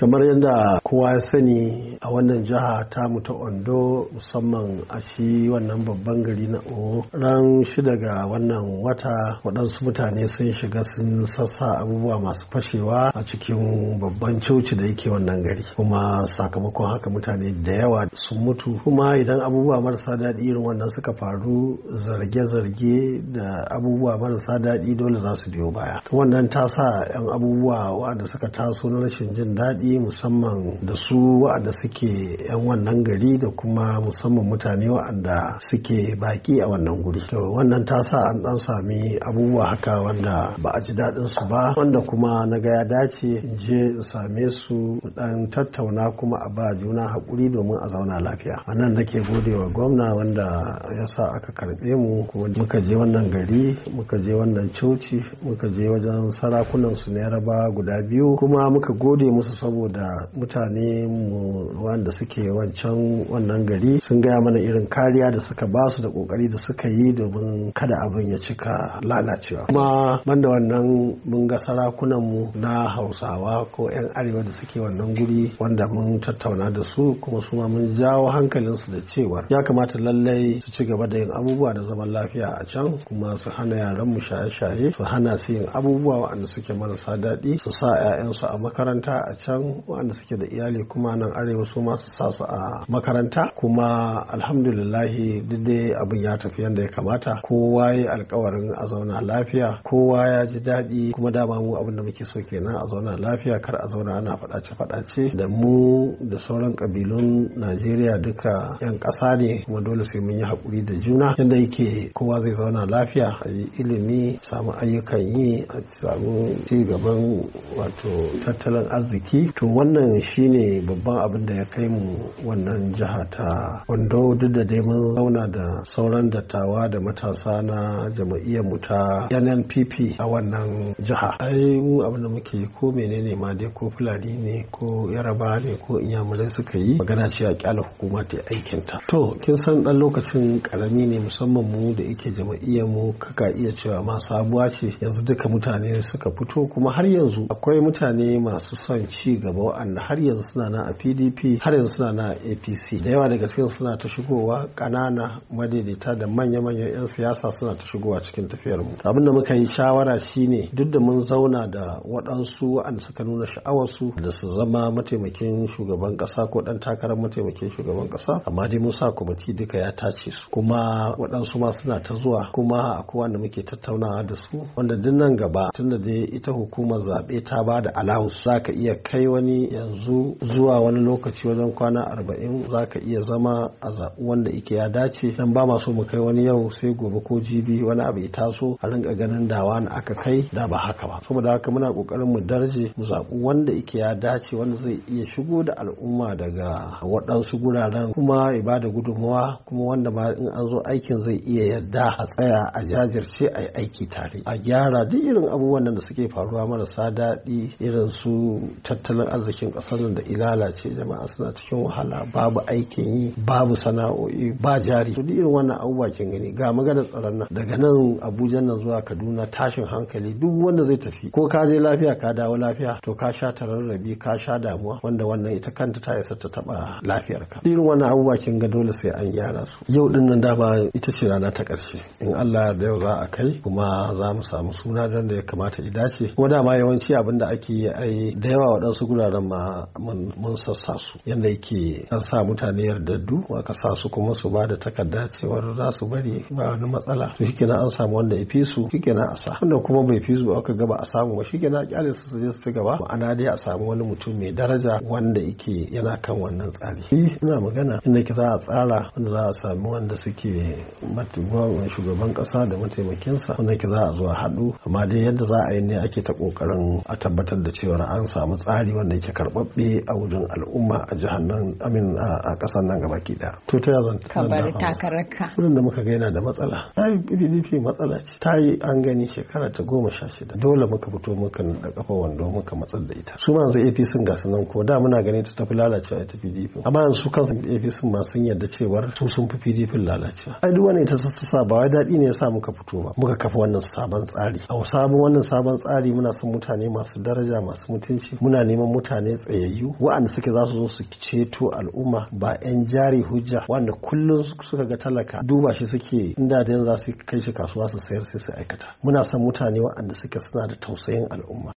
kamar yadda kowa ya sani a wannan jiha ta ta ondo musamman a shi wannan babban gari na o ran shi daga wannan wata waɗansu mutane sun shiga sun sassa abubuwa masu fashewa a cikin babban coci da yake wannan gari kuma sakamakon haka mutane da yawa sun mutu kuma idan abubuwa marasa daɗi irin wannan suka faru zarge-zarge da abubuwa marasa daɗi dole za su biyo baya wannan ta sa 'yan abubuwa wanda suka taso na rashin jin daɗi daɗi musamman da su wa'anda suke 'yan wannan gari da kuma musamman mutane wa'anda suke baki a wannan guri to wannan ta sa an ɗan sami abubuwa haka wanda ba a ji daɗin su ba wanda kuma na ga ya dace in je in same su ɗan tattauna kuma a ba juna haƙuri domin a zauna lafiya a nan nake gode wa gwamna wanda ya sa aka karɓe mu muka je wannan gari muka je wannan coci muka je wajen sarakunan su na yaraba guda biyu kuma muka gode musu saboda saboda mutane mu wanda suke wancan wannan gari sun gaya mana irin kariya da suka ba su da kokari da suka yi domin kada abin ya cika lalacewa kuma banda wannan mun ga sarakunan mu na hausawa ko 'yan arewa da suke wannan guri wanda mun tattauna da su kuma su mun jawo su da cewa ya kamata lallai su ci gaba da yin abubuwa da zaman lafiya a can kuma su hana yaran mu shaye-shaye su hana su yin abubuwa waanda suke marasa daɗi su sa 'ya'yansu a makaranta a can waɗanda wanda suke da iyali kuma nan arewa su masu sa su a makaranta kuma alhamdulillahi duk dai abin ya tafi yadda ya kamata kowa ya alkawarin a zauna lafiya kowa ya ji daɗi kuma dama mu abin da muke so kenan a zauna lafiya kar a zauna ana faɗace-faɗace da mu da sauran kabilun najeriya duka 'yan ƙasa ne kuma dole sai mun yi hakuri da juna yadda yake kowa zai zauna lafiya a yi ilimi samu ayyukan yi a samu ci gaban wato tattalin arziki to wannan shine babban abin da ya kai mu wannan jiha ta Wando duk da dai mun zauna da sauran dattawa da matasa na jama'iyyar mu ta nnpp a wannan jiha ai mu abin da muke ko menene ma dai ko fulani ne ko yaraba ne ko inyamurai suka yi magana ce a kyala hukuma ta aikin ta to kin san dan lokacin karami ne musamman mu da yake jama'iyyar mu kaka iya cewa ma sabuwa ce yanzu duka mutane suka fito kuma har yanzu akwai mutane masu son ci gaba gaba wa'anda har yanzu suna na a pdp har yanzu suna na apc da yawa daga cikin suna ta shigowa ƙanana madaidaita da manya-manyan 'yan siyasa suna ta shigowa cikin tafiyar mu abin da muka yi shawara shine duk da mun zauna da waɗansu wa'anda suka nuna sha'awar su da su zama mataimakin shugaban ƙasa ko ɗan takarar mataimakin shugaban ƙasa amma dai mun sa kwamiti duka ya tace su kuma waɗansu ma suna ta zuwa kuma akwai wanda muke tattaunawa da su wanda duk nan gaba tunda dai ita hukumar zaɓe ta ba da alawus za ka iya kaiwa wani yanzu zuwa wani lokaci wajen kwana arba'in za ka iya zama a zaɓi wanda ike ya dace dan ba so mu kai wani yau sai gobe ko jibi wani abu ya taso a rinka ganin dawa na aka kai da ba haka ba saboda haka muna kokarin mu darje mu zaɓi wanda ike ya dace wanda zai iya shigo da al'umma daga waɗansu guraren kuma ya ba gudunmawa kuma wanda ma in an zo aikin zai iya yadda a tsaya a jajirce a yi aiki tare a gyara duk irin abubuwan da suke faruwa marasa daɗi irin su tattalin arzikin ƙasar nan da ilalace jama'a suna cikin wahala babu aikin yi babu sana'o'i ba jari to irin wannan abubuwa kin gani ga maganar tsaron nan daga nan Abuja nan zuwa Kaduna tashin hankali duk wanda zai tafi ko ka je lafiya ka dawo lafiya to ka sha tararrabi ka sha damuwa wanda wannan ita kanta ta isa ta taba lafiyarka irin wannan abubuwa kin ga dole sai an gyara su yau din nan dama ita ce rana ta ƙarshe in Allah da yau za a kai kuma za mu samu suna don da ya kamata i dace kuma dama yawanci abin da ake yi da yawa waɗansu wuraren ma mun sassa su yadda yake an sa mutane yardaddu aka sa su kuma su ba da takarda cewar za su bari ba wani matsala to shikenan an samu wanda ya fi su shikenan a sa wanda kuma bai fi su aka gaba a samu ba shikenan kyale su su je su ci gaba ma'ana dai a samu wani mutum mai daraja wanda yake yana kan wannan tsari ina magana inda ki za a tsara wanda za a sami wanda suke matiguwa shugaban kasa da mataimakinsa wanda ki za a zuwa haɗu amma dai yadda za a yi ne ake ta ƙoƙarin a tabbatar da cewa an samu tsari wanda yake karbabbe a wurin al'umma a jihar nan amin a kasar nan gaba ki da to ta yazan ka bari takararka wurin da muka ga yana da matsala ai PDP matsala ce ta yi an gani shekara ta goma sha shida dole muka fito muka da kafa wando muka matsar da ita su ma yanzu APC ga sunan ko da muna ganin ta tafi lalacewa ita PDP amma yanzu su kansu APC ma sun yarda cewar su sun fi PDP lalacewa ai duk wani ita sassa ba wai daɗi ne ya sa muka fito ba muka kafa wannan sabon tsari a sabon wannan sabon tsari muna son mutane masu daraja masu mutunci muna neman mutane tsayayyu wa'anda suke za su zo su ceto al'umma ba 'yan jari hujja wanda kullum suka ga talaka duba shi suke inda da za su kai shi kasuwa su sayar sai su aikata muna son mutane wa'anda suke suna da tausayin al'umma